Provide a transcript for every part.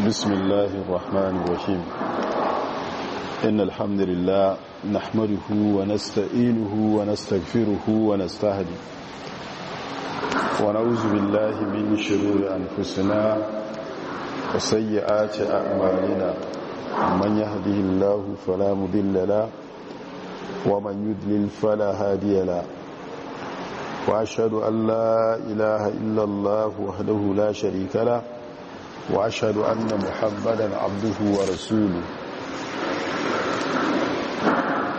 بسم الله الرحمن الرحيم إن الحمد لله نحمده ونستئينه ونستغفره ونستهدي ونعوذ بالله من شرور أنفسنا وسيئات أعمالنا من يهده الله فلا مذل لا ومن يدلل فلا هادي لا وأشهد أن لا إله إلا الله وحده لا شريك له wa ashadu an na muhammadan abduhu wa rasulu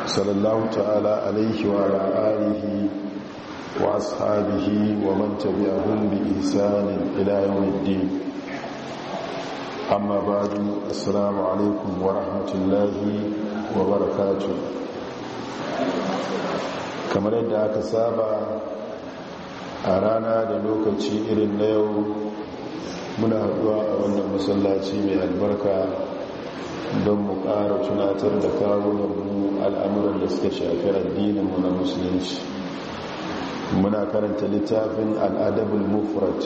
sallallahu ta'ala alaihi wa ra'arihi wa ashabihi wa manta bi abun bi isanin ilayen wadde amma ba ni wa rahmatullahi wa barakatu kamar yadda aka saba a rana da lokaci irin na yau muna haɗuwa a wannan masallaci mai albarka don mu ƙara tunatar da mu al'amuran da suka shafi addininmu na musulunci muna karanta littafin al'adabul mufrat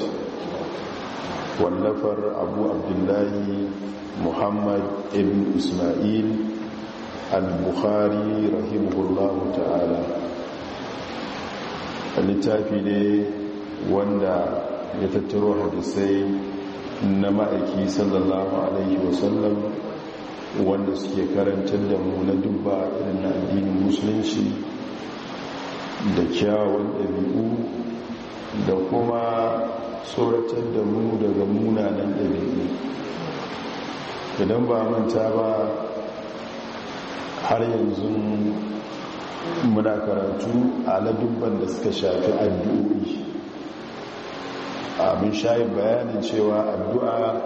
wallafar abu abdullahi muhammad ibn ismail al-bukhari rahimahullahu ta'ala littafi ne wanda ya tattaro hadisai na ma'aiki sallallahu alaihi wasallam wanda suke karantar da mu na dubba irin na addinin musulunci da kyawun ɗabi'u da kuma tsoratar da mu daga munanan ɗabi'u idan ba manta ba har yanzu muna karatu a ladubban da suka shafi addu'o'i abin shayi bayanin cewa addu'a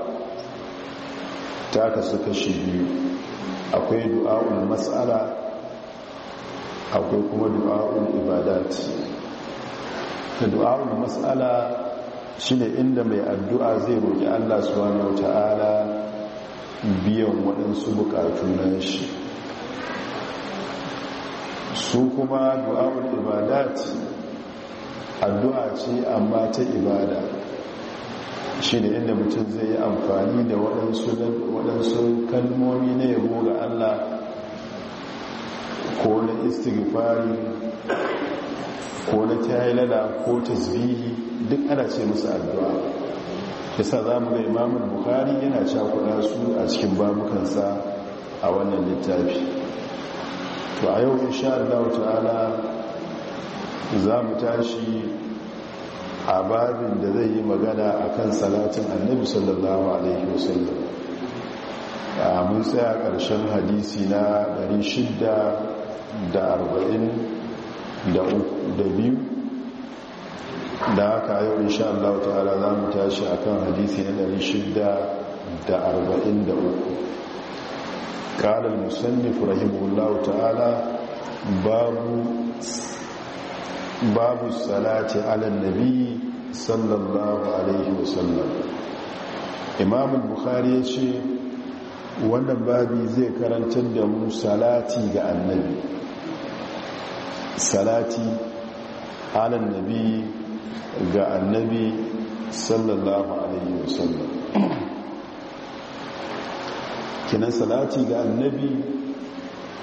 ta kasu kashi biyu akwai du'a'un matsala akwai kuma du'a'un ibadat ta du'a'un matsala ne inda mai addu'a zai roƙi allah wani wata'ala biyan waɗansu buƙatu na shi su kuma du'a'un ibadat addu'a ce amma ta ibada shi ne inda mutum zai yi amfani da waɗansu kalmomi na yabo ga allah ko na istighfari ko na tahilala ko tasbihi duk ana ce musu addu'a yasa za mu ga imamun bukari yana cakuɗa su a cikin babukansa a wannan littafi to a yau insha Allah ta'ala za mu tashi a babin da zai yi magana a kan salatin annabi sallallahu alaihi wasallam a mun tsaya ƙarshen hadisi na 642 da haka yau insha Allah ta'ala za mu tashi a kan hadisi na 643 قال المسنف رحمه الله ta'ala babu. babu salati ala nabi sallallahu alaihi wasallam imam bukhari ya ce wannan babi zai karantar da mu salati ga annabi salati ala nabi ga annabi sallallahu alaihi wasallam kinan salati ga annabi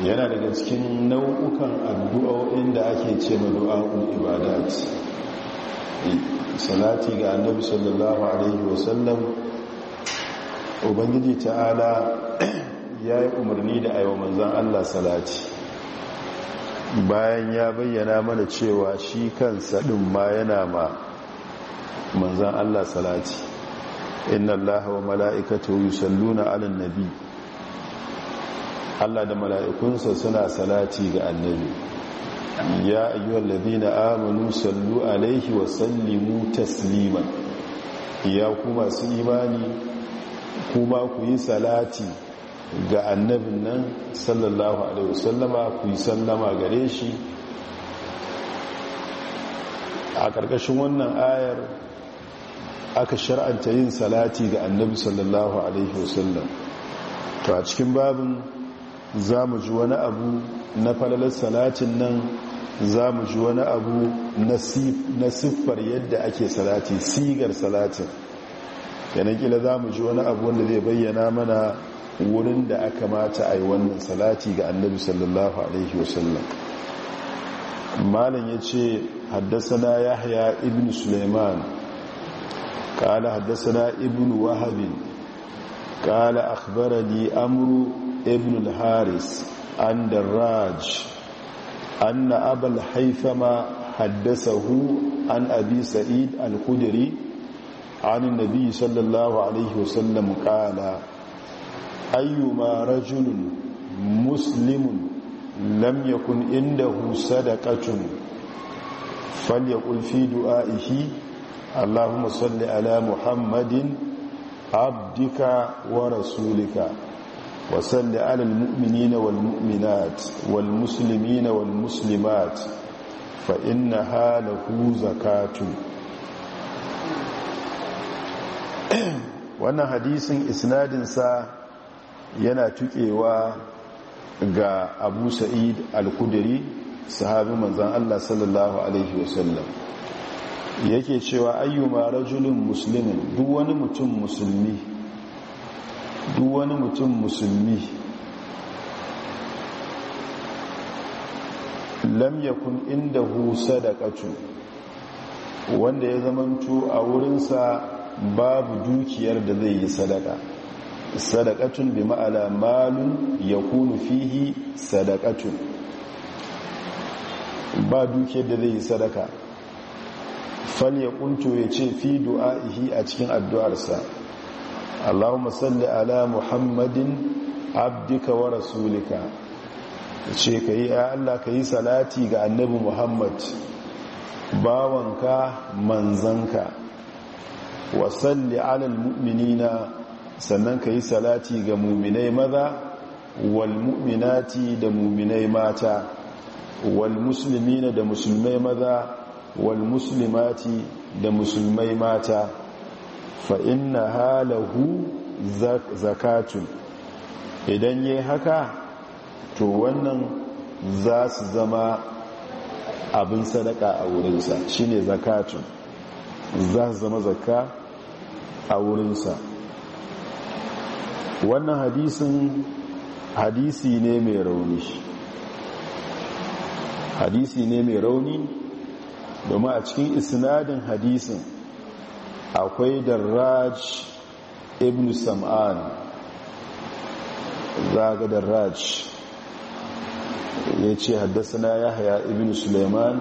yana daga cikin nau'ukan addu'a inda ake ce ma ibada ibadat eh, salati ga annabi sallallahu alaihi wasallam ubangiji ta'ala ya yi umarni da ayyuka manzan Allah salati bayan ya bayyana mana cewa shi kansa ɗin ma yana ma Manzon Allah salati inna Allah wa mala'ikatu yusalluna 'alan nabiy Allah da mala'ikunsa suna salati ga annabi ya ayyuhal na amanu sallu alaihi wa sallimu tasliman ya ku masu imani kuma ku yi salati ga annabin nan sallallahu alaihi wasallama ku yi sallama gare shi a ƙarƙashin wannan ayar aka shar'anta yin salati ga annabi sallallahu alaihi wasallam to a cikin babin za mu ji wani abu na falalar salatin nan za mu ji wani abu na siffar yadda ake salati sigar salatin yanar kila za mu ji wani abu wanda zai bayyana mana wurin da aka mata a yi wannan salati ga annabi sallallahu alaihi wasallam malam ya ce haddasa yahya ibn suleiman قال حدثنا ابن وهب قال أخبرني Amru. ibn al-haris an darraj anna hu, an abi sa'id al-khudri an annabi sallallahu alaihi sallam qala ayyuma rajulun muslimun lam yakun indahu sadaqatun falyaqul fi du'aihi salli ala muhammadin abdika wa rasulika وصل على المؤمنين والمؤمنات والمسلمين والمسلمات فإنها له زكاة wannan hadisin isnadinsa yana tukewa ga abu sa'id al-kudiri sahabi manzon Allah sallallahu Alaihi wasallam yake cewa ayyuma rajulun musulmin duk wani mutum musulmi duk wani mutum musulmi lam yakun hu sadakatu wanda ya zamanto a wurinsa babu dukiyar da zai yi sadaka sadakatun bi ma'ala malun kunu fihi sadakatun. ba dukiyar da zai yi sadaka fal ya ya ce fi du'a'ihi a cikin addu'arsa Allahumma salli ala Muhammadin abdika wa rasulika ce ka yi ya Allah ka yi salati ga annabi Muhammad bawanka manzanka wa salli ala mu'minina sannan ka yi salati ga muminai maza wal mu'minati da muminai mata wal muslimina da musulmai maza wal muslimati da musulmai mata fa inna halahu zakatun idan yi haka to wannan za su zama abin sadaka a wurinsa shi ne zakatun za su zama zakka a wurinsa wannan hadisun hadisi ne mai rauni hadisi ne mai rauni domin a cikin isnadin hadisin akwai darraj ibn sam'an zaga darraj ya ce haddasa na yahya ibn suleiman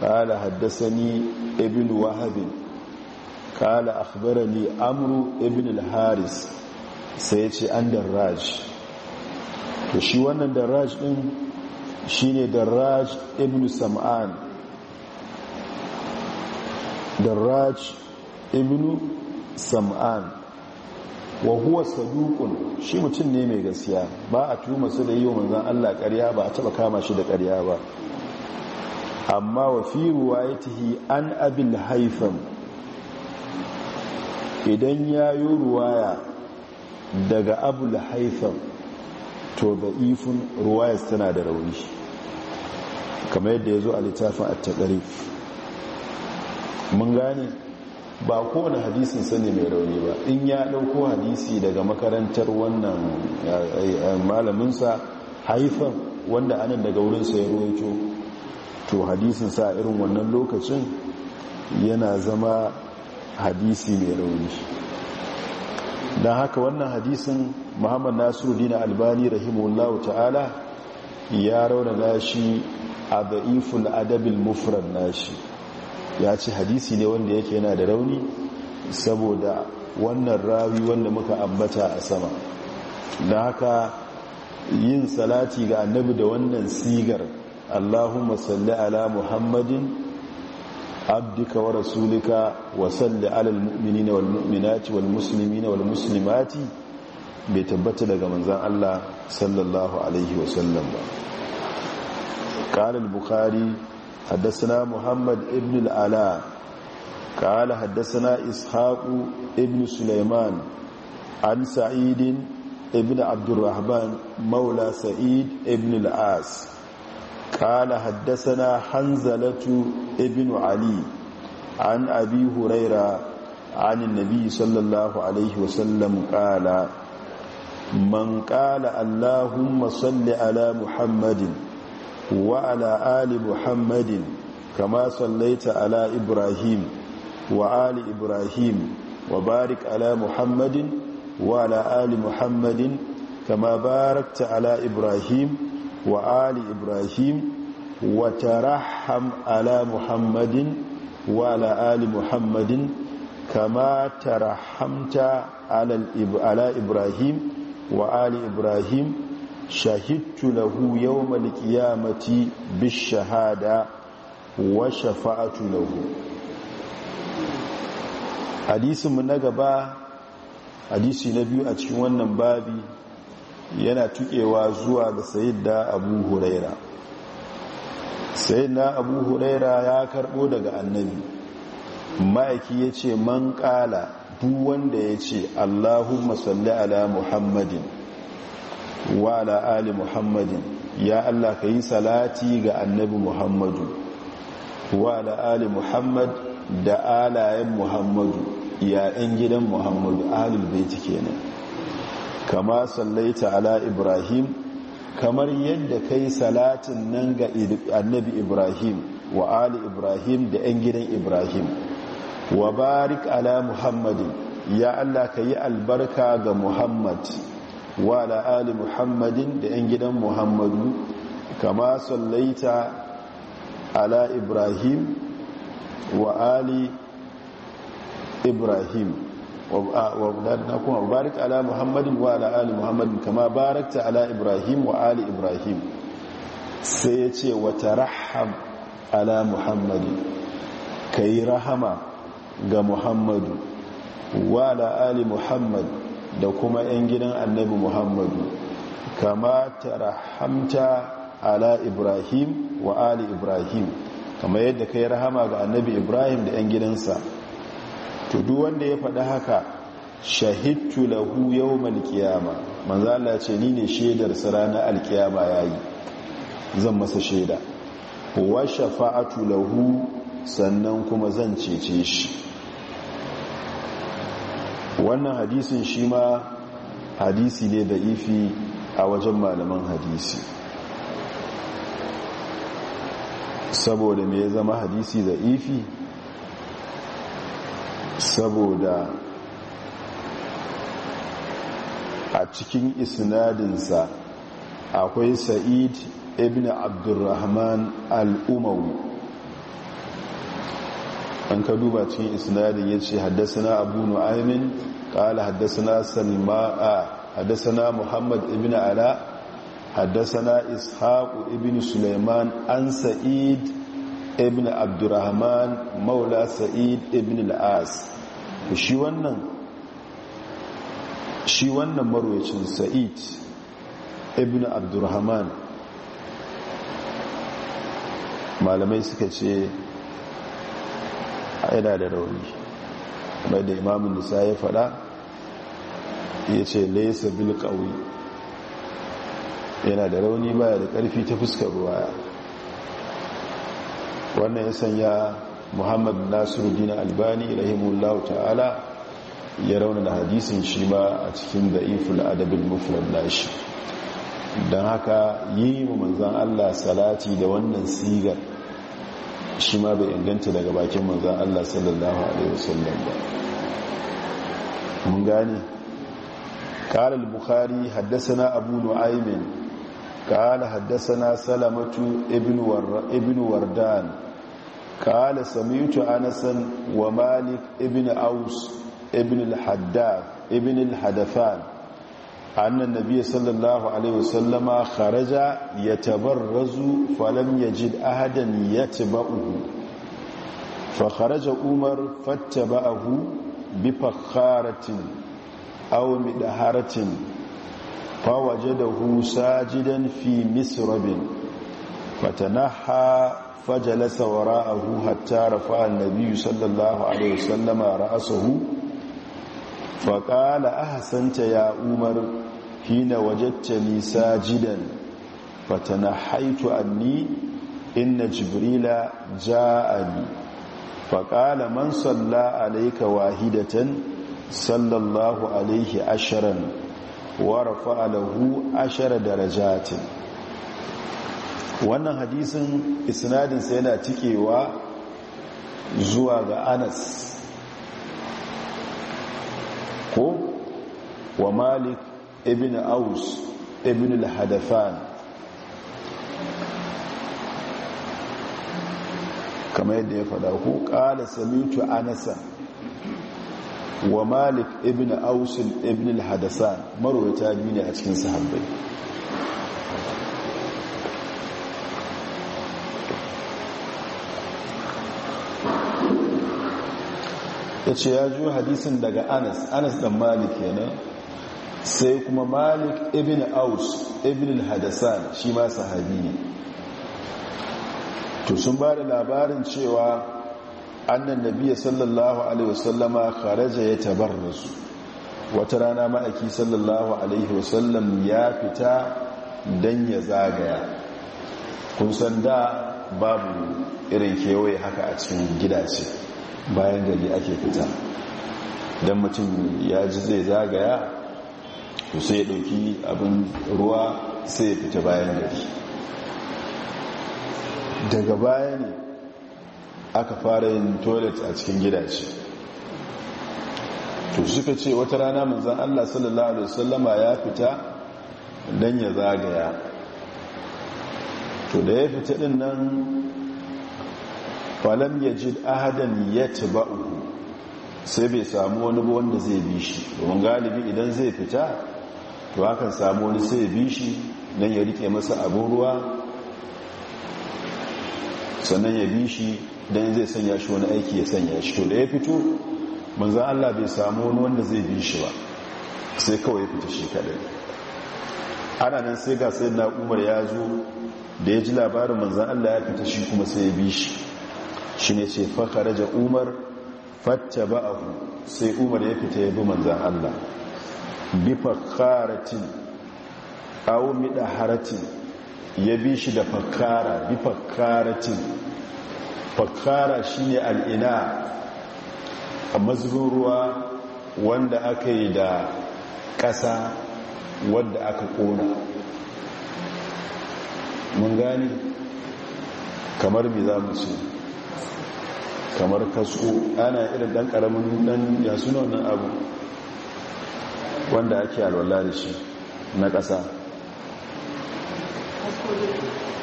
kala haddasa ni ibn wahabin kala ni amru ibn al-haris sai ce an darraj to shi wannan darraj din shine darraj ibn sam'an darraj ibnu sam'an wa huwa saduqun shi mutum ne mai gaskiya ba a tuma su da yiwo manzon Allah ƙarya ba a taba kama shi da ƙarya ba amma wa fi ruwayatihi an abil haifam idan yayo ruwaya daga abul haifam to da ifin ruwaya tana da rauni kamar yadda ya zo a littafin at mun gane ba kowane hadisin sani mai rauni ba in ya ɗauko hadisi daga makarantar wannan eh, eh, malaminsa haifan wanda anan daga wurinsa ya roƙo to hadisin sa irin wannan lokacin yana zama hadisi mai rauni don haka wannan hadisin muhammad nasiru dina albani rahimullahu ta'ala ya raunana shi a da'iful adabin mufran nashi ya ci hadisi ne wanda yake yana da rauni saboda wannan rawi wanda muka ambata a sama da haka yin salati ga annabi da wannan sigar allahumma salli ala muhammadin abdika wa rasulika wa salli ala almu'minina wal mu'minati wal muslimina wal muslimati bai tabbata daga manzan Allah sallallahu alaihi wasallam ba qala bukari. حدثنا محمد ابن العلاء قال حدثنا إسحاق ابن سليمان عن سعيد ابن عبد الرحمن مولى سعيد ابن العاص قال حدثنا حنزلة ابن علي عن أبي هريرة عن النبي صلى الله عليه وسلم قال من قال اللهم صل على محمد wa ali muhammadin kama sallaita ala ibrahim wa ali ibrahim wa barik ala muhammadin wa ala muhammadin kama barakta ala ibrahim wa ali ibrahim wa Raham ala muhammadin wa ala muhammadin kama ta Rahamta ala ibrahim wa ali ibrahim shahidtu lahu yawmal qiyamati bishahada wa shafa'atu lahu hadisin mu na gaba hadisi na biyu a cikin wannan babi yana tukewa zuwa ga sayyida abu huraira sayyida abu huraira ya karbo daga annabi ma'aiki yace ce man kala duk wanda yace ce allahumma salli ala muhammadin wa ala ali muhammadin ya Allah ka yi salati ga annabi muhammadu wa ala ali muhammad da alayen muhammadu ya yayan gidan muhammadu bai baiti kenan kama sallaita ala ibrahim kamar yadda kai salatin nan ga annabi ibrahim wa ali ibrahim da yan gidan ibrahim wa barik ala muhammadin ya Allah ka yi albarka ga muhammad wa ala ali muhammadin da yan gidan muhammadu kama sallaita ala ibrahim wa ali ibrahim wa kuma barik ala muhammadin wa ala ali muhammadin kama barakta ala ibrahim wa ali ibrahim sai ya ce wata raham ala muhammadin ka yi rahama ga muhammadu wa ala ali muhammadin da kuma 'yan gidan annabi muhammadu kama rahamta ala ibrahim wa ali ibrahim kama yadda ka yi rahama ga annabi ibrahim da 'yan gidansa to wanda ya faɗi haka shahid Tulahu yau malkiyama, Manza Allah ce ni ne shedar ranar alkiyama ya yi, zan masa shaida wa shafa'atu Tulahu sannan kuma zan cece shi wannan hadisin shi ma hadisi ne da ifi a wajen malaman hadisi saboda me ya zama hadisi da ifi saboda a cikin isnadinsa akwai sa'id ibn abdurrahman al’umawu an ka duba cikin isnadin ya ce haddasa na abu nu'aimin قال حدثنا سلماء حدثنا محمد ابن علاء حدثنا إسحاق ابن سليمان عن سعيد ابن عبد الرحمن مولى سعيد ابن العاص shi wannan shi wannan marwacin sa'id ibn abdurrahman malamai suka ce yana da rauni mai da imamun nisa ya fada ya ce laisa bil kawai yana da rauni baya da ƙarfi ta fuskar ruwaya wannan ya sanya muhammad Nasiru nasiruddin albani rahimullahu ta'ala ya rauna da hadisin shi ma a cikin da'iful adabin mufrad nashi don haka yi mu manzan allah salati da wannan sigar shi ma bai inganta daga bakin manzan Allah sallallahu Alaihi wasallam ba mun gani ƙara al-bukhari haddasa abu nu'aimin ƙara haddasa na salamatu ibn wardan ƙara samiyutu anasan wa malik ibn aus ibn al-haddafan annan nabiya sallallahu alaihi wasallama kharaja ya tabarrazu falam yajid ahadan yatba'uhu fa kharaja umar fattaba'ahu bi fakharatin aw midharatin fawajadahu sajidan fi misrabin fatanaha fajalasa wara'ahu hatta rafa'a an-nabiy sallallahu alaihi wasallama ra'asahu faƙala a hasanta ya umar hina wajatta nisa jidan na haitu anni inna jibrila ja'ani faƙala man salla alaika wahidatan sallallahu alaihi ashirin wa rafa alahu ashirin darajatin wannan hadisin isnadinsa yana cikewa zuwa ga anas ko wa malik ibn aus ibn al-hadafan kamar yadda ya fada ko kala samitu anasa wa malik ibn aus ibn al-hadasan marwata biyu ne a cikin sahabbai ta ce ya juyo hadisin daga anas anas da malik nan sai kuma malik ibn aus ibn hadasan shi ma sahabi ne to sun ba da labarin cewa annan nabiya sallallahu alaihi wasallama kharaja ya tabarrasu wata rana ma'aiki sallallahu alaihi wasallam ya fita dan ya zagaya kun san da babu irin kewaye haka a cikin gidaje. bayan gari ake fita don mutum ya ji zai zagaya ku sai ya ɗauki abin ruwa sai ya fita bayan gari daga baya ne aka fara yin toilet a cikin gidaje to suka ce wata rana manzan allah sallallahu alaihi wasallama ya fita don ya zagaya to da ya fita din nan falam ya ji ahadan ya uku sai bai samu wani wanda zai bi shi domin galibi idan zai fita to hakan samu wani sai bi shi don ya rike masa abin ruwa sannan ya bi shi don zai sanya shi wani aiki ya sanya shi to da ya fito manzan allah bai samu wani wanda zai bi shi ba sai kawai ya fita shi kadai ana nan sai ga sai na umar ya zo da ya ji labarin manzan allah ya fita shi kuma sai ya bi shi shi ne ce fakara da umar fatta a sai umar ya fita ya bi manzan allah bi fakaratin awu miɗa haratin ya bi shi da fakara bi fakaratin fakara shi ne al'ina a mazubin ruwa wanda aka yi da ƙasa wadda aka ƙona mun gani kamar mi za mu ce kamar kasko ana irin dan karamin dan ya suna wannan abu wanda ake alwala da shi na ƙasa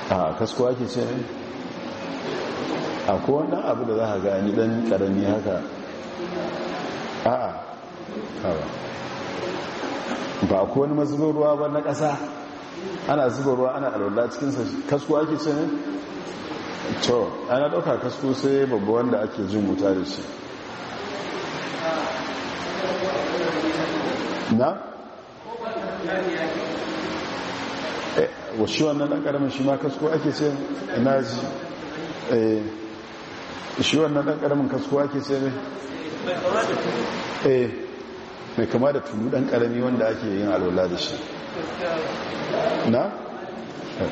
a kasko ake ce a kowannan abu da za a gani dan karami haka a a ba ko wani mazubin ruwa ba na ƙasa ana zuba ruwa ana alwala cikinsa kasko ake ce ne to ana ɗauka kasko sai babba wanda ake jin wuta da shi na? Eh, wasu wannan dan ƙaramin shi ma kasko ake sai na ji eh, shi wannan dan ƙaramin kasko ake sai ne eh mai kama da tulu dan ƙarami wanda ake yin alwala da shi na? to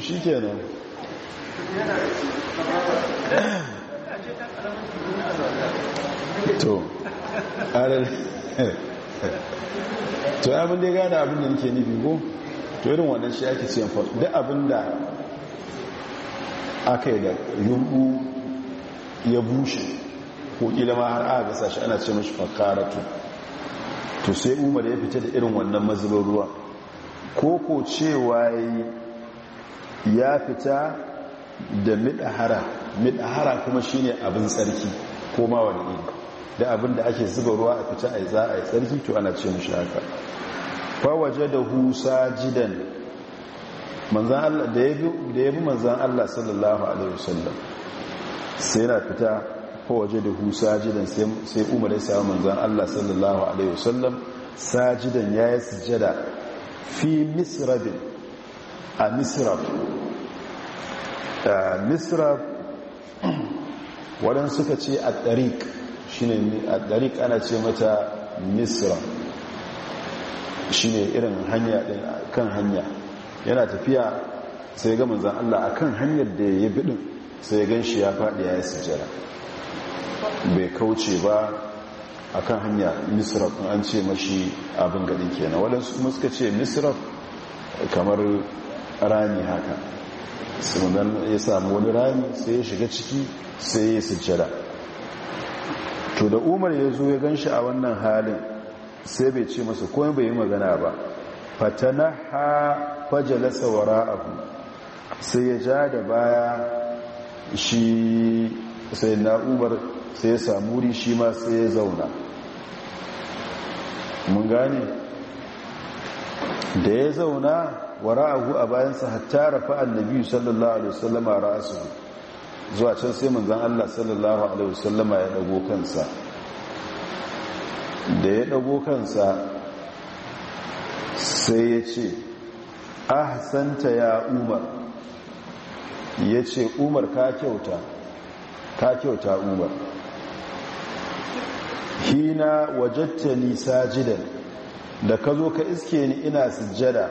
shi nan to arar to ya abin da ya gada abin da nake nufi ko to irin wannan shi ake ce da abin da aka yi da yunɓu ya bushe ko ƙila ma har aka gasa shi ana ce mashi fakaratu to sai umar ya fita da irin wannan mazubin ruwa ko ko cewa ya fita da midahara midahara kuma shine abin tsarki ko ma wani iri da abin da ake zuba ruwa a fita a za a yi tsarki to ana ce mashi haka fawaje da husa jidan manzan Allah da ya bi manzan Allah sallallahu alaihi wasallam sai yana fita ko waje da husa jidan sai umar ya samu manzan Allah sallallahu alaihi wasallam sajidan ya yi sujada fi misrabin a misrab misrab waɗansu suka ce a ɗarik shi ne a ɗarik ana ce mata misrab shi ne irin hanya ɗin kan hanya yana tafiya sai ga manzan Allah a kan hanyar da ya bi din sai gan shi ya faɗi ya yi sujjara bai kauce ba a akan hanya misraf an ce mashi abin gaɗi kenan waɗansu kuma suka ce misraf kamar rami haka sannan ya samu wani rami sai ya shiga ciki sai ya yi sujjada to da umar ya zo ya gan shi a wannan halin sai bai ce masa komai bai yi magana ba fatanaha fajalasa abu sai ya ja da baya shi sai na umar sai ya samu wuri shi ma sai ya zauna mun gane da ya zauna abu a bayansa hatta rafa annabi sallallahu alaihi wasallama ra'asu zuwa can sai manzon Allah sallallahu alaihi wasallama ya dago kansa da ya dago kansa sai ya ce ahsanta ya umar ya ce umar ka kyauta ka kyauta umar hina wajatta nisa jidan da ka zo ka iske ni ina sujjada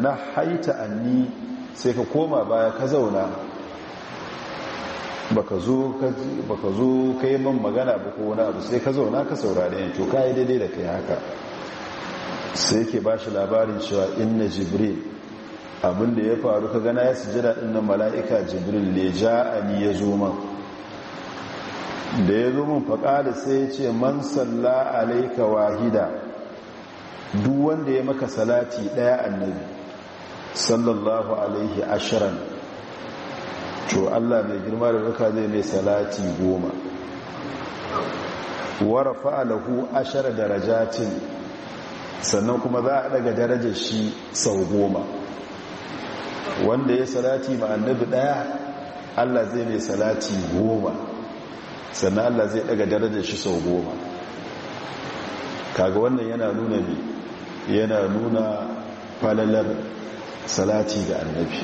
na haita anni sai ka koma baya ka zauna baka zo ka yi man magana ba ko wani abu sai ka zauna ka saurare to ka yi daidai da kai haka sai yake ba shi labarin cewa inna jibril da ya faru ka gana ya sujada inna mala'ika jibril ne ja a ni ya zo da ya zo man faƙaɗa sai ya ce man salla alaika wahida duk wanda ya maka salati ɗaya annabi sallallahu alaihi ashirin to allah mai girma da duka zai mai salati goma warafa alahu ashirar darajatin sannan kuma za a daga darajar shi sau goma wanda ya salati ma annabi daya allah zai mai salati goma sannan allah zai daga darajar shi sau goma kaga wannan yana nuna ne yana nuna falalar salati ga annabi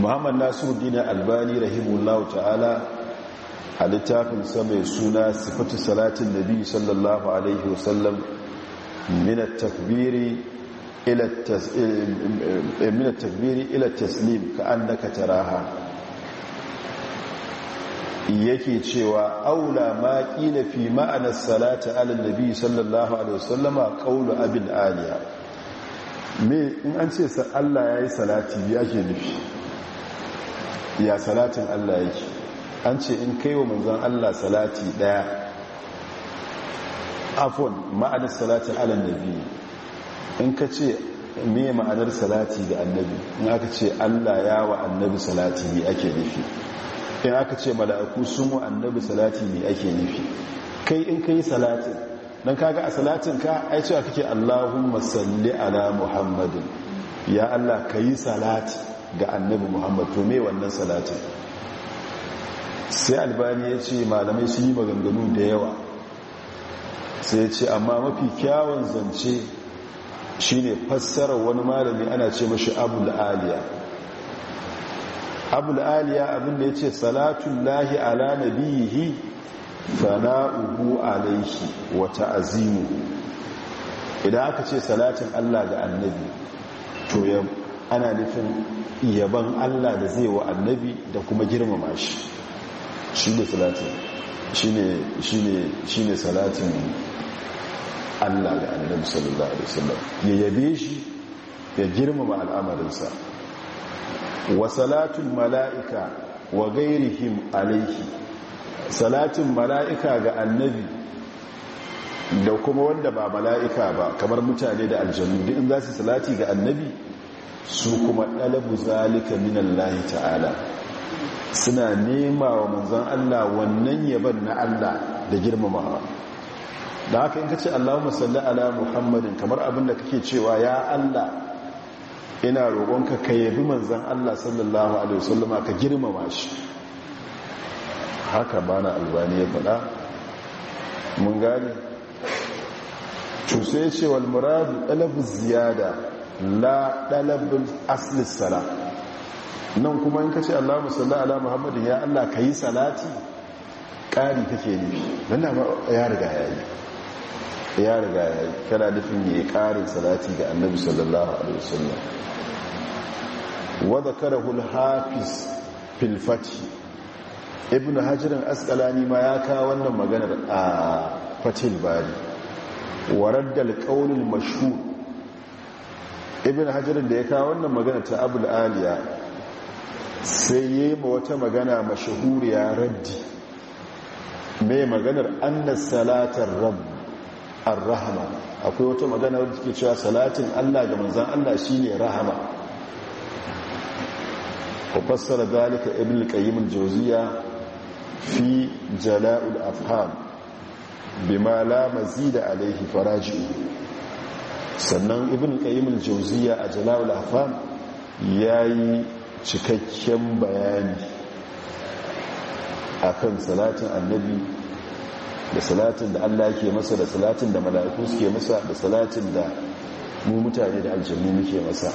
muhammad gina albani rahimullahu ta'ala a littafinsa mai suna sifatu salatin nabi sallallahu alaihi wasallam من التكبير إلى التس... من التكبير إلى التسليم كأنك تراها yake cewa aula ma kila fi ma'anar salata ala nabi sallallahu alaihi wasallama qaulu abin aliya me in an ce sa Allah yayi salati ya ke nufi ya salatin Allah yake an ce in kai wa manzon Allah salati daya afon ma'anar salati ala nabi in ka ce me ma'anar salati ga annabi in aka ce allah ya wa annabi salati ne ake nufi in aka ce mala'aku sun wa annabi salati ne ake nufi kai in ka yi salatin don kaga a salatin ka ai cewa kake allahumma masalli ala muhammadin ya allah ka yi salati ga annabi muhammad to me wannan salatin sai albani ya ce malamai sun yi maganganu da yawa sai ce amma mafi kyawun zance shine fassara wani malami ana ce mashi abul aliya abul aliya abinda ya ce salatun lahi ala nabiyihi fana'uhu alaihi wata azimu idan aka ce salatin Allah da annabi to ana nufin yaban Allah da zai wa annabi da kuma girmama shi shi ne salatin shi ne Allah ga annabi sallallahu alaihi wasallam ya yabe shi ya girmama al'amarinsa wa salatul mala'ika wa gairihim alaihi salatin mala'ika ga annabi da kuma wanda ba mala'ika ba kamar mutane da aljannu duk in zasu su salati ga annabi su kuma ɗalabu zalika minallahi ta'ala suna nema wa manzon Allah wannan yaban na Allah da girmamawa da haka in ka ce allahumma salli ala muhammadin kamar abin da kake cewa ya allah ina roƙonka ka yabi manzan allah sallallahu alaihi wasallam ka girmama shi haka bana albani ya faɗa mun gane cuse ce wal muradu ɗalabu ziyada la ɗalabin asli sala nan kuma in ka ce allah musalla ala muhammadin ya allah ka yi salati ƙari take ne don na ya riga ya yi ya riga ya yi kana nufin ya yi ƙarin salati ga annabi sallallahu alaihi wasallam wadda hul hafiz filfati ibn hajjirin askalani ma ya kawo wannan maganar a fatil bari warar da alƙaunin mashu ibn hajjirin da ya kawo wannan maganar ta abu aliya sai ya yi wata magana mashahuriya raddi mai maganar annas salatar rabbi ar rahma akwai wata magana wadda take cewa salatin Allah ga manzon Allah shine rahama ko fassara dalika ibn al-qayyim al-jawziya fi jala'ul afham bima la mazida alayhi faraji sannan ibn al-qayyim al-jawziya a jala'ul afham yayi cikakken bayani akan salatin annabi da salatin da Allah ke masa da salatin da mala'iku suke masa da salatin da mu mutane da aljannu muke masa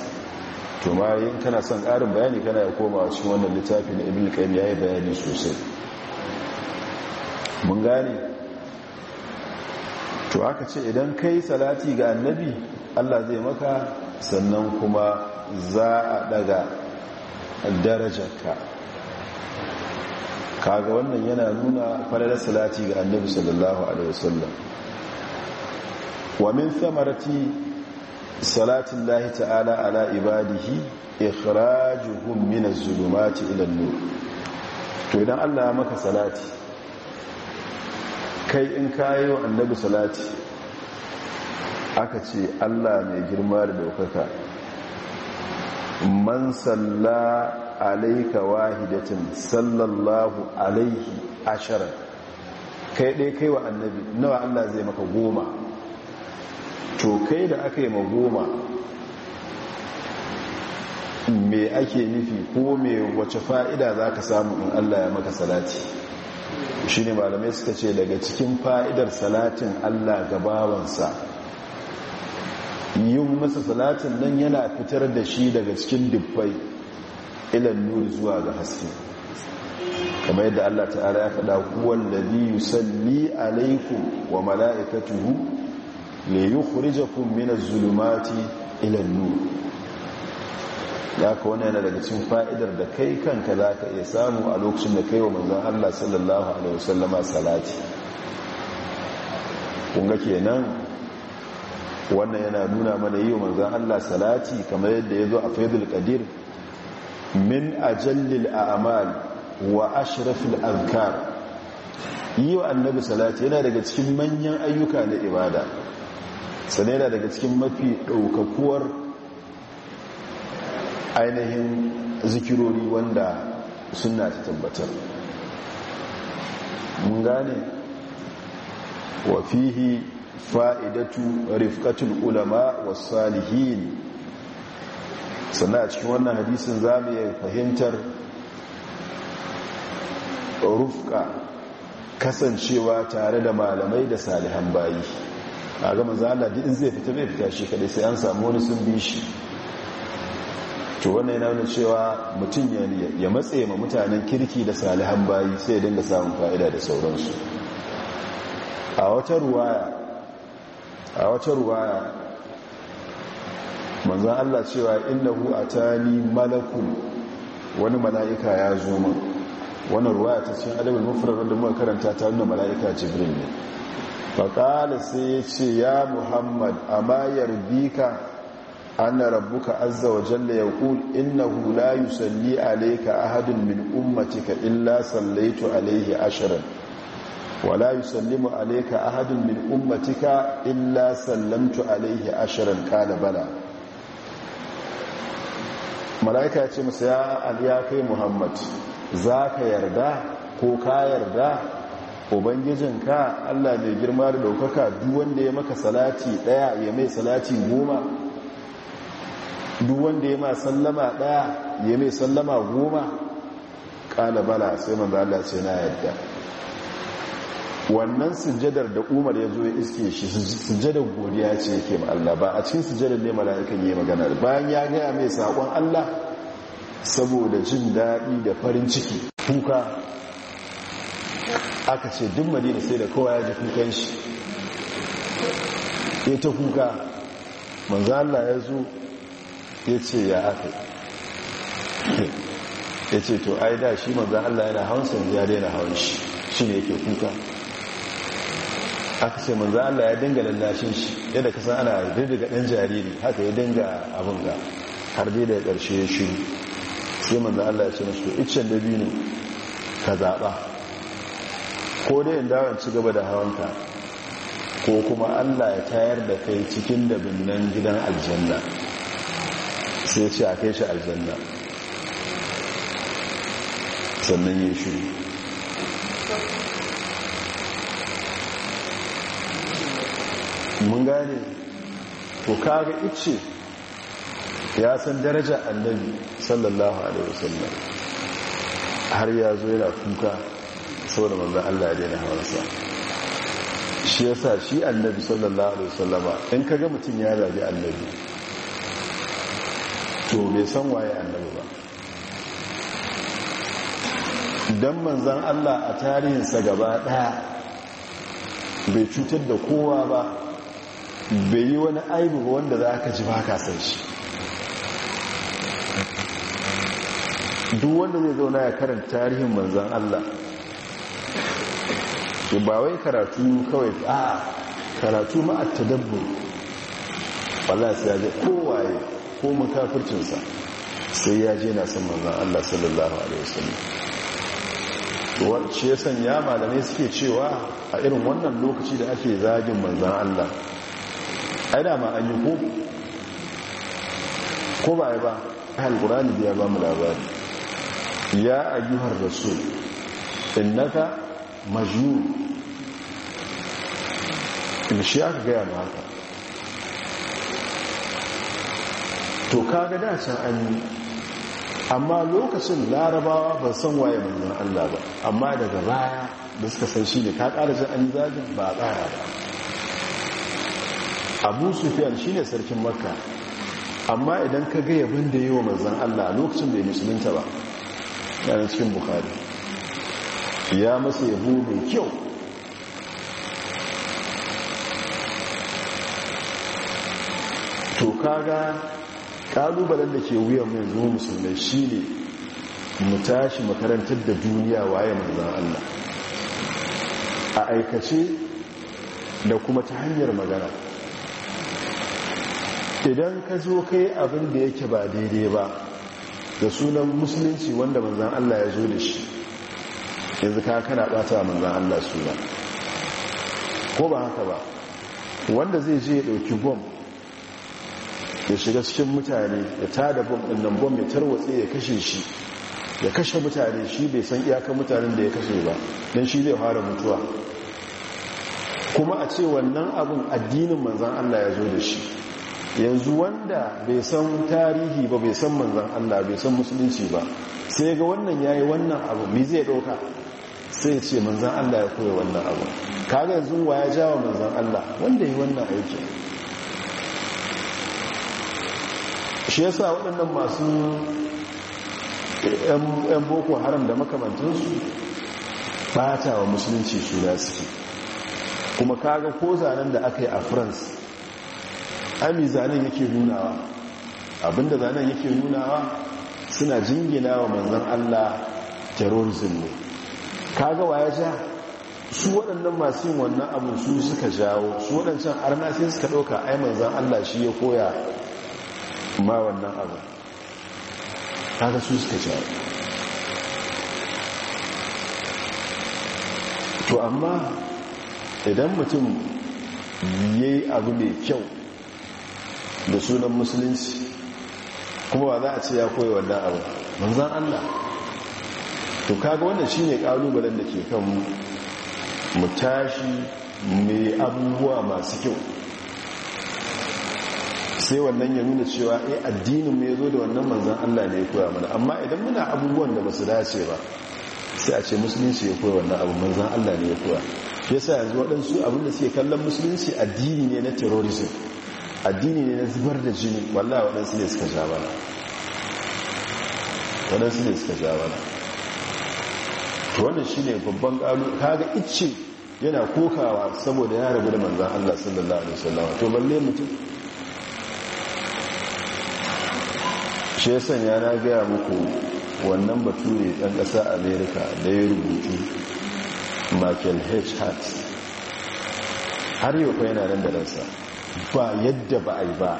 to ma yin kana son ƙarin bayani kana ya koma cikin wannan littafi na ibn ya yi bayani sosai mun gane to aka ce idan kai salati ga annabi Allah zai maka sannan kuma za a daga darajarka kaga wannan yana nuna farar salati ga annabi sallallahu alaihi wasallam wa min thamarati salatin lahi ta'ala ala ibadihi ikhrajuhum min az-zulumati ila an-nur to idan Allah ya maka salati kai in kayo annabi salati aka ce Allah mai girma da daukaka man salla alaika wahidatin sallallahu alaihi asharar kai ɗaya kai wa annabi nawa Allah zai maka goma to kai da aka yi ma goma me ake nufi ko me wace fa'ida za ka samu in Allah ya maka salati shi ne malamai suka ce daga cikin fa'idar salatin Allah ga yin masa salatin nan yana fitar da shi daga cikin dubbai ilan nuri zuwa ga haske kamar yadda Allah ta'ala ya faɗa kuwan da biyu salli alaiku wa mala'ikatuhu ne yi kurijakun mina zulumati ilan nuri ya ka wani yana daga cikin fa'idar da kai kanka za ka iya samu a lokacin da kai wa manzan Allah sallallahu Alaihi wasallama salati ke kenan wannan yana nuna mana yi wa manzan Allah salati kamar yadda ya zo a faidul kadir min ajallil a'mal wa ashrafil azkar yi wa annabi salati yana daga cikin manyan ayyuka na ibada Sana'i yana daga cikin mafi ɗaukakuwar ainihin zikirori wanda suna ta tabbatar mun gane wa fihi fa'idatu rifqatul ulama was salihin sannan a cikin wannan hadisin za mu yi fahimtar rufka kasancewa tare da malamai da salihan bayi a gama zala in zai fita bai fita shi kadai sai an samu wani sun bi shi to wannan yana nuna cewa mutum ya matse ma mutanen kirki da salihan bayi sai ya dinga samun fa'ida da sauransu a wata ruwaya a wata ruwaya manzan Allah cewa innahu tani malakun wani mala'ika ya zo Wani wannan ruwaya ta cikin adabul mufrad da muka karanta ta nuna mala'ika jibril ne faqala sai ya ce ya muhammad a mayar bika ana rabuka azza wa jalla ya yaqul innahu la salli alayka ahadin min ummatika illa sallaitu alayhi ashran ولا يسلم عليك أحد من أمتك إلا سلمت عليه ashirin kada bala mala'ika ce musu ya aliya kai muhammad za ka yarda ko ka yarda ubangijinka allah mai girma da daukaka duwanda ya maka salati daya ya mai salati goma duwanda ya ma sallama daya ya mai sallama goma bala sai manzo allah ce na yarda wannan sujjadar da umar ya zo ya iske shi sujjadar godiya ce yake ma ba a cikin sujjadar ne mala'ikan yi magana bayan ya gaya mai saƙon Allah saboda jin daɗi da farin ciki kuka aka ce duk madina sai da kowa ya ji kukan shi ya ta kuka manzo Allah ya zo ya ce ya aka ya ce to ai da shi manzo Allah yana hawan ya daina hawan shi shi ne yake kuka haka ce manzo Allah ya dinga lallashin shi yadda kasan ana diddiga dan jariri haka ya dinga abin ga har dai da karshe ya shiru sai manzo Allah ya ce musu iccen dabino ka zaba ko dai in dawo ci gaba da hawanka ko kuma Allah ya tayar da kai cikin dabinnan gidan aljanna sai ya ce a kai shi aljanna sannan ya shiru mun gane to kaga ice ya san daraja annabi sallallahu alaihi wasallam har ya zo yana kuka saboda manzon Allah ya daina hawarsa shi yasa shi annabi sallallahu alaihi wasallama in kaga mutum ya zabi annabi to bai san waye annabi ba dan manzon Allah a tarihinsa gaba daya bai cutar da kowa ba bai yi wani aibu wanda za ka ji ba san shi duk wanda zai zauna ya karanta tarihin manzan Allah ba wai karatu kawai a karatu ma a tadabbu wallah sai ya je kowaye ko makafircinsa sai ya je na san manzan Allah sallallahu alaihi wasallam wacce ya sanya malamai suke cewa a irin wannan lokaci da ake zagin manzan Allah Ana ma an yi ko ko ba ai ba alqur'ani biya ba mu labari ya ayyuhar rasul innaka majnun in shi aka gaya ma haka to kaga san an yi amma lokacin larabawa ban san waye manzon Allah ba amma daga baya da suka san shi ne ka ƙara jin an zagin ba ƙara ba abu sufiyan shi ne sarkin makka amma idan ka ga yabin da yi wa manzan allah lokacin da ya musulunta ba yana cikin bukari ya masa yabo mai kyau to kaga kalubalen da ke wuyan mai zo musulmai shi ne mu tashi makarantar da duniya waye manzan allah a aikace da kuma ta hanyar magana idan ka zo kai abin da yake ba daidai ba da sunan musulunci wanda manzan Allah ya zo da shi yanzu ka kana bata manzan Allah suna ko ba haka ba wanda zai je ya dauki bom ya shiga cikin mutane ya tada bom din nan bom ya tarwatse ya kashe shi ya kashe mutane shi bai san iyakan mutanen da ya kashe ba don shi zai fara mutuwa kuma a ce wannan abin addinin manzan Allah ya zo da shi yanzu wanda bai san tarihi ba bai san manzan Allah bai san musulunci ba sai ga wannan yayi wannan abu me zai dauka sai ce manzan Allah ya koya wannan abu kaga yanzu wa ya jawo manzan Allah wanda yi wannan aiki shi yasa waɗannan masu yan boko haram da makamantansu ta wa musulunci da suke kuma kaga ko zanen da aka yi a france ami zanen yake nunawa abinda zanen yake nunawa suna jingina wa manzan Allah terrorism ne kaga waya ja su waɗannan masu yin wannan abin su suka jawo su waɗancan arna sai suka ɗauka ai manzan Allah shi ya koya ma wannan abin kaga su suka jawo to amma idan mutum yayi abu mai kyau da sunan musulunci kuma ba za a ce ya koyi wannan abu manzan Allah to kaga wannan shine kalubalen da ke kan mu tashi mai abubuwa masu kyau sai wannan ya nuna cewa eh addinin mai zo da wannan manzan Allah ne ya koya mana amma idan muna abubuwan da basu dace ba sai a ce musulunci ya koya wannan abu manzan Allah ne ya koya yasa yanzu waɗansu abinda da suke kallon musulunci addini ne na terrorism addini ne na zubar da jini wallahi waɗansu ne suka ja mana waɗansu ne suka ja mana to wannan shi ne babban ƙalu kaga icce yana kokawa saboda ya rabu da manzan allah sallallahu alaihi wasallam to balle mutum shi ya sanya na gaya muku wannan ne ɗan ƙasa amerika da ya rubutu michael h hart har yau kwa yana nan da ransa ba yadda ba a yi ba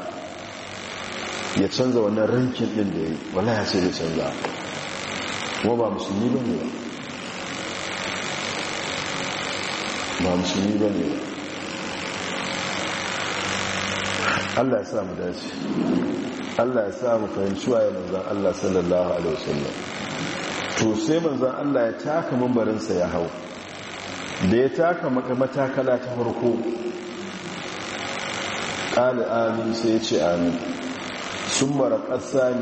ya canza wannan rankin ɗin da ya yi wala ya sai ya canza kuma ba musulmi ba ne ba musulmi ba ne Allah ya sa mu dace Allah ya sa mu fahimci waye manzan Allah sallallahu alaihi wasallam to sai manzan Allah ya taka mambarinsa ya hau da ya taka matakala ta farko kala amin sai ce amin sun mara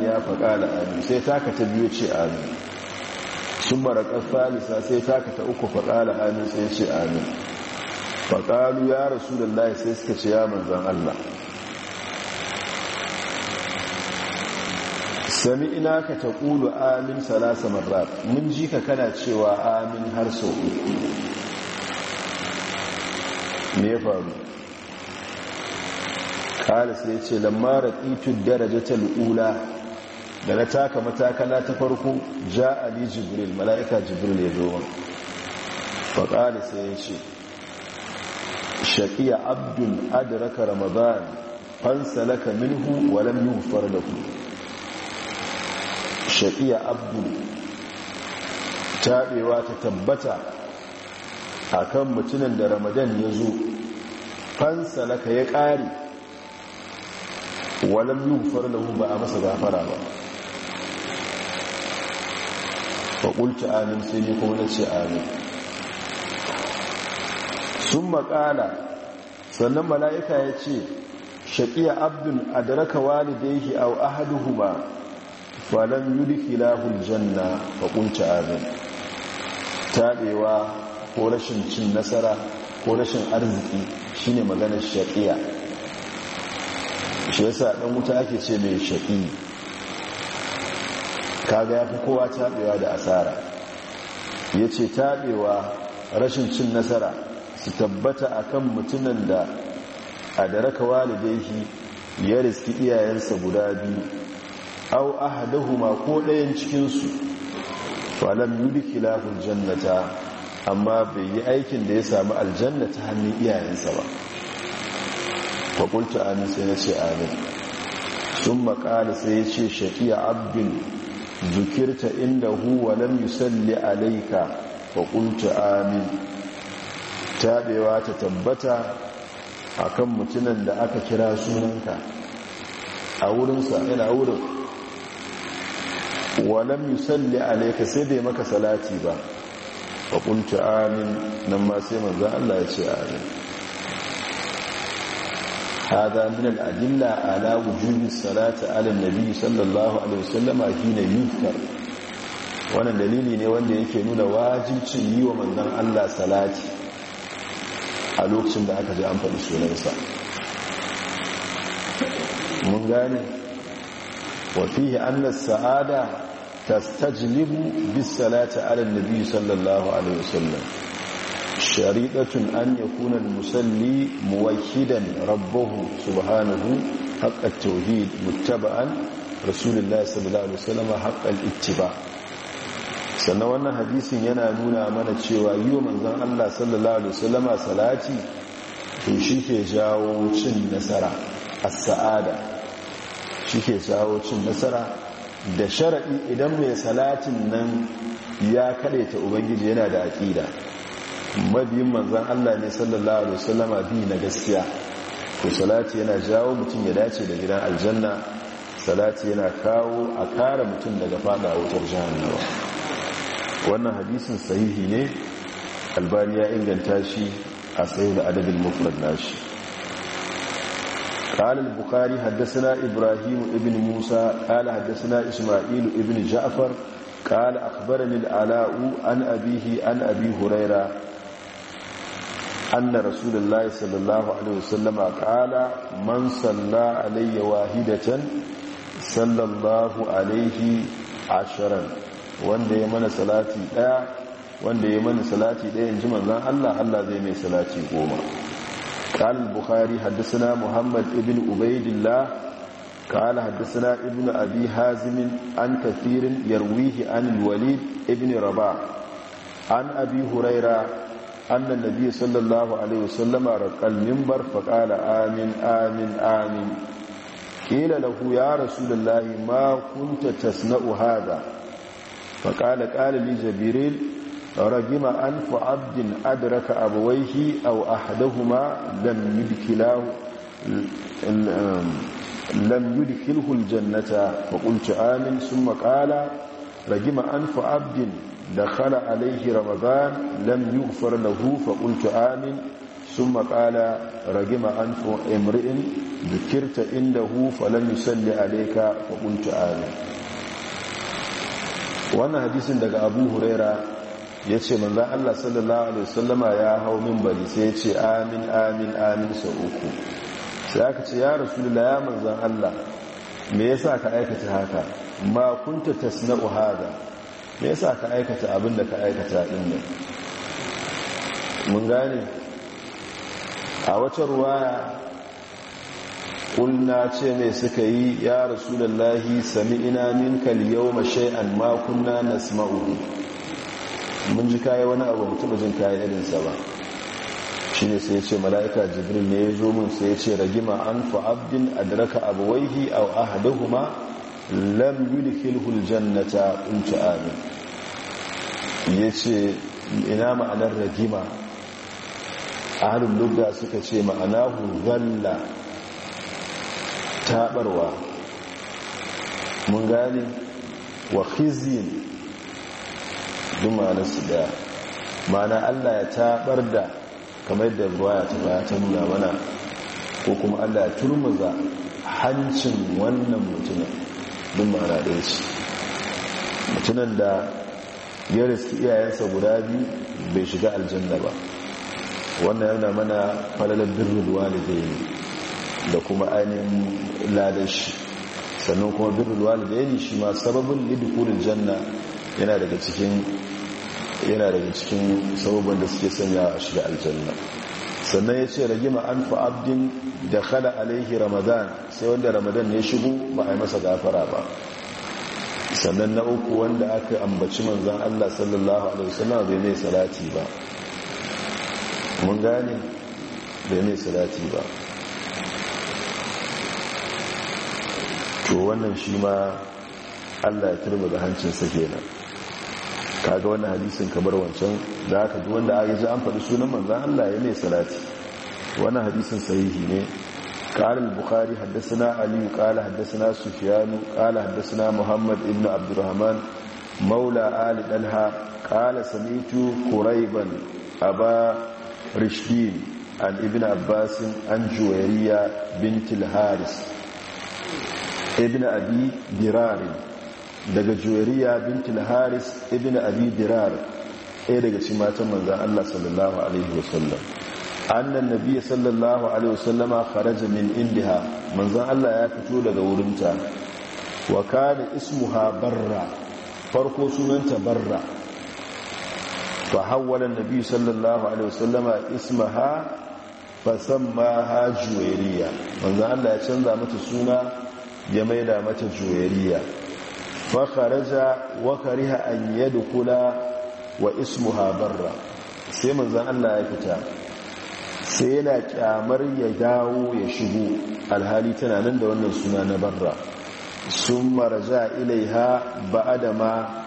ya fa kala amin sai taka ta biyu ce amin sun mara nisa sai taka ta uku fa kala amin sai ce amin fa kalu ya rasu da layi sai suka ce ya manzan Allah sami ina ka ta ƙulu amin salasa marar mun ji ka kana cewa amin har sau ne faru kala sai ce lamma daraja ta ula da na taka matakala ta farko ja ali jibril mala'ika jibril ya zo fa kala sai ya ce shaqiya abdul adraka ramadan fansalaka minhu wa lam yughfar lahu shaqiya abdul tabewa ta tabbata akan mutumin da ramadan ya zo fansalaka ya ƙare walam da hu ba a masa gafara ba fa qultu amin sai ni kuma ce amin Sun qala sannan mala'ika ya ce shaƙiya abdun adraka walidayhi aw ahaduhuma falan yudkhilahu aljanna fa qultu amin taɗewa ko rashin cin nasara ko rashin arziki shine maganar shaƙiya shi yasa ɗan wuta ake ce mai shaƙi kaga ya fi kowa taɓewa da asara ya ce taɓewa rashin cin nasara su tabbata a kan mutunan da a da raka shi ya riski iyayensa guda biyu au ahadahuma ko ɗayan cikinsu falam kilafin jannata amma bai yi aikin da ya sami aljanna ta hannun iyayensa ba fakulta amin sai na ce amin sun makali sai ya ce shafiya abin zukirta inda huwa lam yusalli alaika fakulta amin taɓewa ta tabbata a kan mutunan da aka kira sunanka a wurinsa yana wurin walam yusalli alaika sai bai maka salati ba fakulta amin nan ma sai manzan Allah ya ce amin هذا من الأدلة على وجود الصلاة على النبي صلى الله عليه وسلم حين يذكر wannan dalili ne wanda yake nuna wajibcin yi wa manzon Allah salati a lokacin da aka ji an faɗi sunansa mun gane wa fihi anna sa'ada tastajlibu bis salati ala an-nabi sallallahu alaihi wasallam يكون an موحدا musalli سبحانه حق subhanahu متبعا رسول الله صلى الله عليه وسلم حق الاتباع sannan wannan hadisin yana nuna mana cewa yiwa manzan Allah sallallahu alaihi wasallama salati to shi ke jawo cin nasara a saada shi ke jawo cin nasara da sharaɗi idan mai salatin nan ya kaɗaita ubangiji yana da aƙida mabiyin manzan Allah ne sallallahu alaihi wasallama bi na gaskiya to salati yana jawo mutum ya dace da gidan aljanna salati yana kawo a kare mutum daga fada wutar jahannama wannan hadisin sahihi ne albani ya inganta shi a sahih adadin mufrad nashi قال البخاري حدثنا إبراهيم ابن موسى قال حدثنا إسماعيل ابن جعفر قال أخبرني العلاء عن أبيه عن أبي هريرة anna rasulullahi sallallahu alaihi wasallama qala man salla alayya wahidatan sallallahu alaihi asharan wanda ya mana salati daya wanda ya mana salati daya inji manzon Allah Allah zai mai salati goma قال البخاري حدثنا محمد ابن عبيد الله قال حدثنا ابن أبي هازم عن كثير يرويه عن الوليد ابن رباح عن أبي هريرة annan nabi sallallahu alaihi wasallama raqal minbar faqala amin amin amin qila lahu ya rasu ma kunta tasna'u hada faqala qala li jibril ragima anfu abdin adraka abawayhi au ahaduhuma lam yudkilahu lam yudkhilhu aljannata fa qultu amin sun qala ragima anfu abdin دخل عليه رمضان لم يغفر له فقلت آمن ثم قال رجم أنف امرئ ذكرت عنده فلم يسل عليك فقلت آمن وانا حديث دقى أبو هريرة yace manzo Allah sallallahu alaihi wasallama ya hau bari, sai yace amin amin amin uku sai aka ce ya rasulullah ya manzo Allah me yasa ka aikata haka ma kunta tasna'u hada me yasa ka aikata abin da ka aikata din ne mun gane a wata ruwa kunna ce mai suka yi ya rasulullahi ina minka al-yawma shay'an ma kunna nasma'u mun ji kai wani abu mutum jin kai irin sa ba shine sai ce malaika jibril ne ya zo mun sai yace ragima an fa abdin adraka abawaihi aw ahaduhuma lam yudkhilhu jannata qultu amin yace ina ma'anar ragima ahlul lugha suka ce ma'anahu zalla tabarwa mun gane wa khizyin duma su daya ma'ana Allah ya taɓar da kamar da ruwa ta baya ta nuna mana ko kuma Allah ya turmuza hancin wannan mutumin duk ma'ana ɗaya ce mutunan da ya riski iyayensa guda biyu bai shiga aljanna ba wannan yana mana falalar birnin walidaini da kuma ainihin ladashi sannan kuma birnin walidai shi ma sababin lidukurin janna yana daga cikin yana daga cikin sababin da suke sanya a shiga aljanna sannan ya ce ragima an fa'abdin da kada alaihi ramadan sai wanda ramadan ya shigo ba a yi masa gafara ba sannan na uku wanda aka ambaci manzan allah sallallahu alaihi wasallam bai mai salati ba mun gane bai mai salati ba to wannan shi ma allah ya turba da hancinsa kenan kaga wannan hadisin kamar wancan da aka duk wanda aka ji an faɗi sunan manzon Allah ya mai salati wannan hadisin sahihi ne قال البخاري حدثنا علي قال حدثنا سفيان قال حدثنا محمد ابن عبد الرحمن مولى آل دلها قال سميت قريبا أبا رشدين عن ابن عباس عن جويرية بنت الحارس ابن أبي درار daga juwariya Binti haris ibn abi dirar ɗaya daga cin matan manza Allah sallallahu alaihi wasallam annan nabiyyi sallallahu alaihi a kharaja min indiya manzan Allah ya fito daga wurinta wa kana ismuha barra farko sunanta barra fa hawwala nabiyyi sallallahu alaihi ha ismaha fa ha juwariya manzan Allah ya canza mata suna ya maida mata juwariya fakaraja wakariha kariha an kula wa ismuha barra sai manzon Allah ya fita sai yana kyamar ya dawo ya shigo alhali tana nan da wannan suna na barra sun maraja ilaiha ba'adama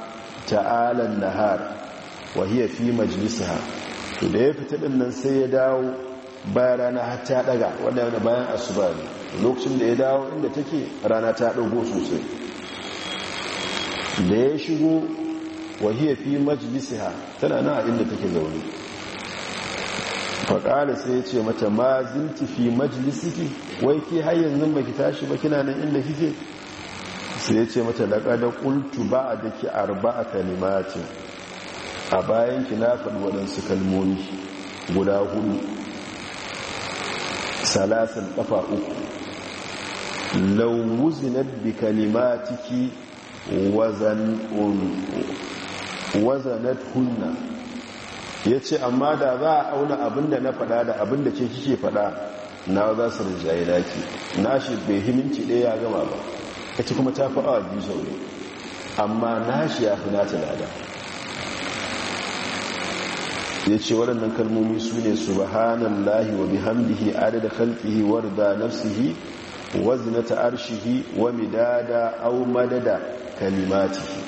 ta'alan nahar wa hiya fi majlisaha to da ya fita din nan sai ya dawo bayan rana har ta daga bayan asuba lokacin da ya dawo inda take rana ta dago sosai da ya shigo wahiyafi fi ha tana nan a inda take zaune faƙala sai ya ce mata ma zinti fi ki wai ki har yanzu baki tashi ba kina nan inda kike sai ya ce mata daga da ƙuntu ba a daki arba a kalimatin a bayan ki na faɗi waɗansu kalmomi guda hudu salasin ƙafa uku lauwuzinar bi kalimatiki wazanat hunna ya ce amma da za a auna abinda na fada da abinda ce kike fada na za su rinjaye daki na shi bai himinci ɗaya ya gama ba Ya ci kuma ta fi awa biyu sau ne amma na shi ya fi ta dada. ya ce waɗannan kalmomi su ne su. subhanallahi wa bihamdihi adada khalqihi warda nafsihi wazinata arshihi wa midada au madada kalimatihi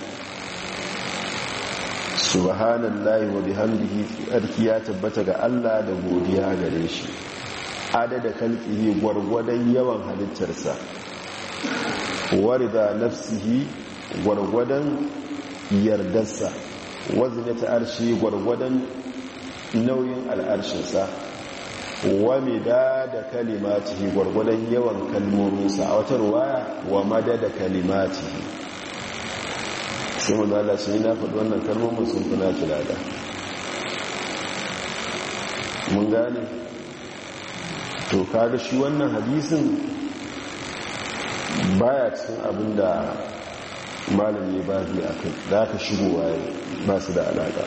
subhanallahi wa bihamdihi tsarki ya tabbata ga Allah da godiya gare shi adada kalqihi gwargwadon yawan halittarsa warida nafsihi gwargwadon yardarsa ta arshi gwargwadon nauyin al'arshinsa wa da kalimatihi gwargwadon yawan kalmominsa a wata ruwaya wa madada kalimatihi sai mu Allah sai na faɗi wannan kalmomin sun fi ta lada mun gane to kaga shi wannan hadisin baya cikin abin da malami ya bazi a kai da aka shigo waye ba su da alaƙa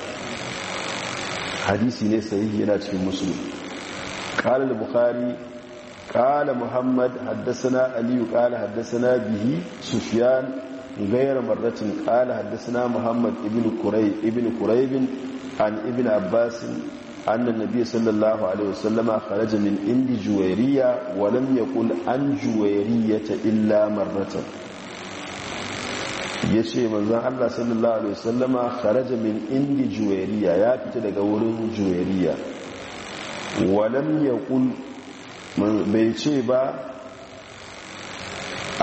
hadisi ne sahihi yana cikin musulmi قال البخاري قال محمد حدثنا علي قال حدثنا Bihi سفيان غير مرة قال حدثنا محمد ابن كريب ابن كريب عن ابن عباس أن النبي صلى الله عليه وسلم خرج من عند جويرية ولم يقل عن جويرية إلا مرة yace manzon Allah sallallahu alaihi wasallama kharaja min indi juwayriya ya fita daga wurin juwayriya walam yaqul bai ce ba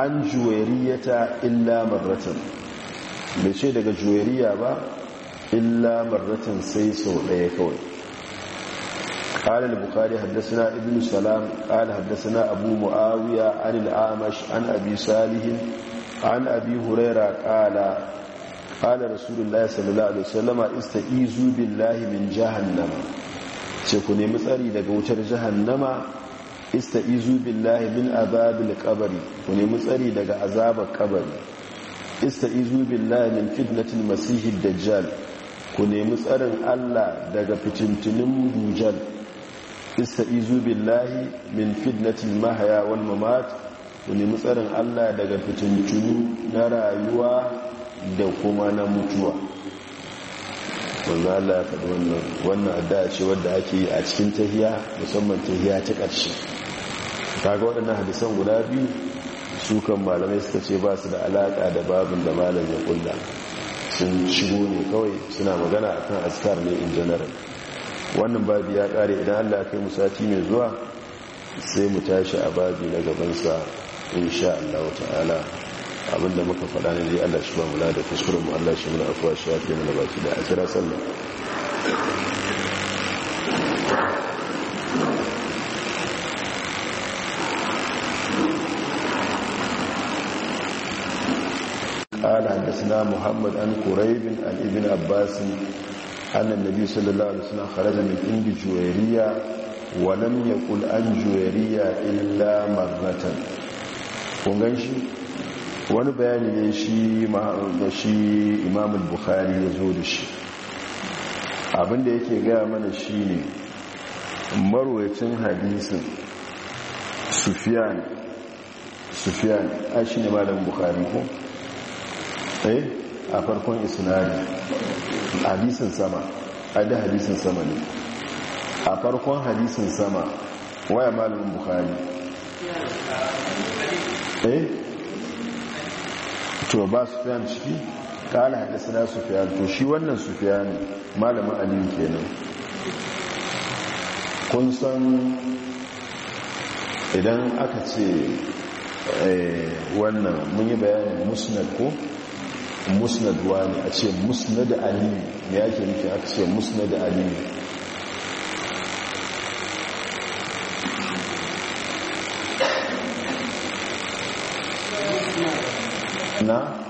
an ta illa marratin bai ce daga juweriya ba illa marratin sai sau daya kawai قال البخاري حدثنا ابن سلام قال حدثنا ابو معاويه عن الاعمش عن ابي صالح عن ابي هريره قال قال رسول الله صلى الله عليه وسلم استئيزوا بالله من جهنم سيكون مثالي لقوتر جهنم ista'izu billahi min azabil qabri ku nemi tsari daga azabar kabari ista'izu billahi min fitnatil masihid dajjal ku nemi tsarin Allah daga fitintinin dujjal ista'izu billahi min fitnatil mahaya wal mamat ku nemi tsarin Allah daga fitintinu na rayuwa da kuma na mutuwa wanzu wannan wannan addu'a ce wadda ake yi a cikin tahiya musamman tahiya ta ƙarshe kaga waɗannan hadisan guda biyu su kan malamai suka ce ba su da alaƙa da babin da malam ya kulla sun shigo ne kawai suna magana akan askar ne in general wannan babi ya ƙare idan allah kai musati mai zuwa sai mu tashi a babi na gabansa insha allah ta'ala abinda muka faɗa ne zai allah shi ba mu da kuskuren mu allah shi muna afuwa shi ya fi mana baki da a kira sallah قال حدثنا محمد عن قريب عن ابن عباس أن النبي صلى الله عليه وسلم خرج من عند جويرية ولم يقل عن جويرية إلا مرة ونغنشي wani bayani ne shi da shi imamul bukhari ya zo da shi yake gaya mana shi ne marwacin hadisin sufiyan sufiyan a shi ne malam bukhari ko eh a farkon isnadi hadisin sama ai hadisin sama ne a farkon hadisin sama waya malamin bukari eh to ba su fiyan ciki kala hadisina su fiyan to shi wannan su fiyan malamin aliyu kenan kun san idan aka ce eh, wannan mun yi bayanin musnad ko musnad wani a ce musnad ali ne ke nufi aka ce musnad ali na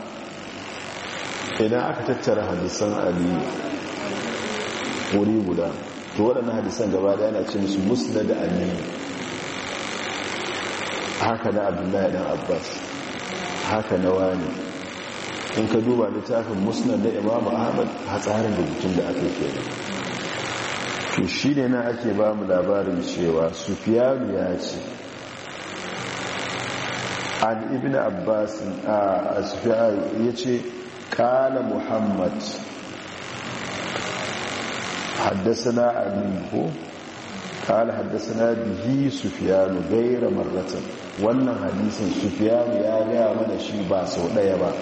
idan aka tattara hadisan ali wuri guda to waɗannan hadisan gaba da yana ce musu musnad ali haka na abdullahi dan abbas haka na wani in ka duba littafin musnad da imamu ahmad tsarin rubutun da aka ke to shi ne na ake ba mu labarin cewa sufiyanu ya ce an ibn abbas a sufiyanu ya ce kala muhammad haddasa na ko قال حدثنا به سفيان gaira wannan hadisin Sufiyanu ya gaya mana shi ba sau daya ba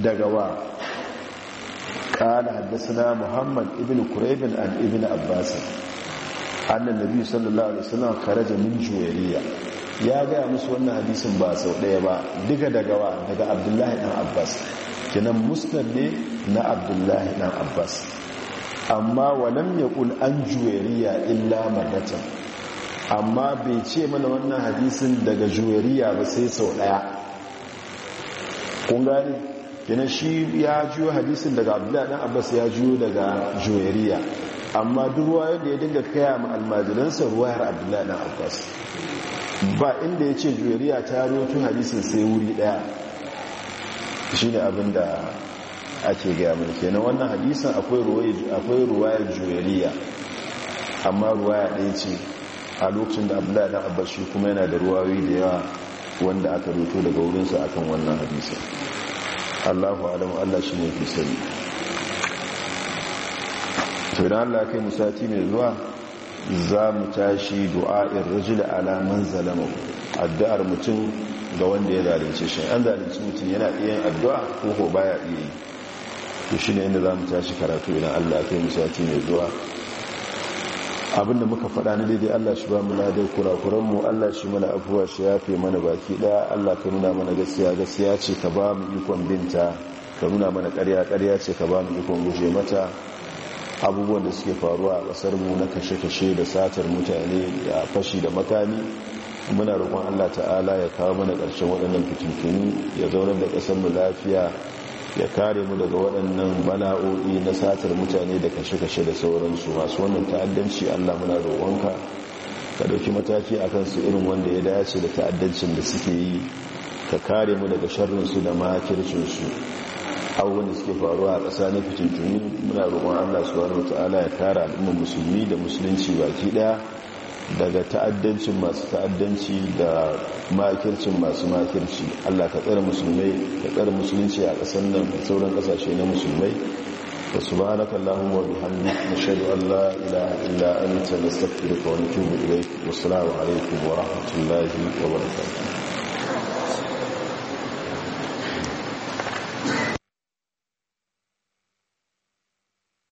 daga wa ƙala haddasa muhammad ibn kurebin an ibn abbas annan nabi sallallahu alaihi wasallam min juwariya ya gaya musu wannan hadisin ba sau ɗaya ba diga daga wa daga abdullahi ɗan abbas kinan musnad ne na abdullahi ɗan abbas amma walam yaqul an juwariya illa marratan amma bai ce mana wannan hadisin daga juwariya ba sai sau ɗaya kun gane. Yana shi ya juyo hadisin daga abdullahi dan abbas ya juyo daga juwariya amma duk ruwayar da ya dinga kaya ma almajiransa ruwayar abdullahi dan abbas ba inda ya ce juwariya ta roto hadisin sai wuri daya shi ne abin da ake gaya mai na wannan hadisin akwai ruwayar juwariya amma ruwaya ɗaya ce a lokacin da abdullahi dan abbas shi kuma yana da ruwayoyi da yawa wanda aka roto daga wurinsa akan wannan hadisin allahu alamu allah shi ne fi sani to idan allah kai musati mai zuwa za mu tashi in rajula alaman zalama addu'ar mutum ga wanda ya zalunce shi an zalunci mutum yana iya addu'a ko ko baya iya yi to shi ne inda za mu tashi karatu idan allah kai musati mai zuwa abinda muka faɗa na daidai Allah shi ba mu ladai kurakuran mu Allah shi mana afuwa shi ya fi mana baki ɗaya Allah ka nuna mana gaskiya gaskiya ce ka ba mu ikon binta ka nuna mana ƙarya ƙarya ce ka ba mu ikon guje mata abubuwan da suke faruwa a ƙasar mu na kashe-kashe da satar mutane da fashi da makami muna roƙon Allah ta'ala ya kawo mana ƙarshen waɗannan fitintuni ya zaunar da ƙasar mu lafiya ya kare mu daga waɗannan bala'o'i na satar mutane da kashe-kashe da sauransu masu wannan ta'addanci allah muna roƙonka ka ɗauki mataki a kansu irin wanda ya dace da ta'addancin da suke yi ka kare mu daga sharrinsu da makircinsu abubuwan da suke faruwa a ƙasa na fitintuni muna roƙon allah su ta'ala ya kara al'ummar musulmi da musulunci baki ɗaya daga ta'addancin masu ta'addanci da makircin masu makirci Allah ka tsare musulmai ka musulunci a ƙasar nan da sauran ƙasashe na musulmai wa subhanaka allahumma wa bihamdika na shaidu Allah ilaha illa anta nastaghfiruka wa natubu ilayk wa assalamu alaikum wa rahmatullahi wa barakatuh